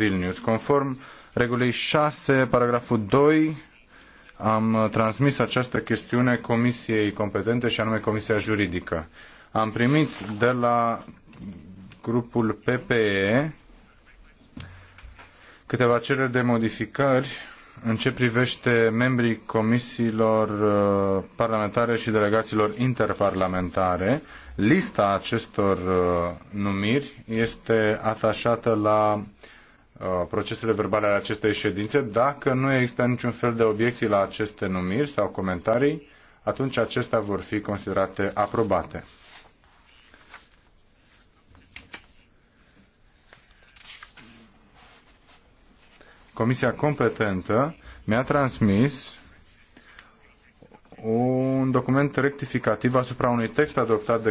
Vilnius. Conform regulii 6, paragraful 2, am transmis această chestiune comisiei competente și anume Comisia Juridică. Am primit de la grupul PPE câteva cereri de modificări în ce privește membrii comisiilor uh, parlamentare și delegațiilor interparlamentare. Lista acestor uh, numiri este atașată la Uh, procesele verbale ale acestei ședințe. Dacă nu există niciun fel de obiecții la aceste numiri sau comentarii, atunci acestea vor fi considerate aprobate. Comisia competentă mi-a transmis un document rectificativ asupra unui text adoptat de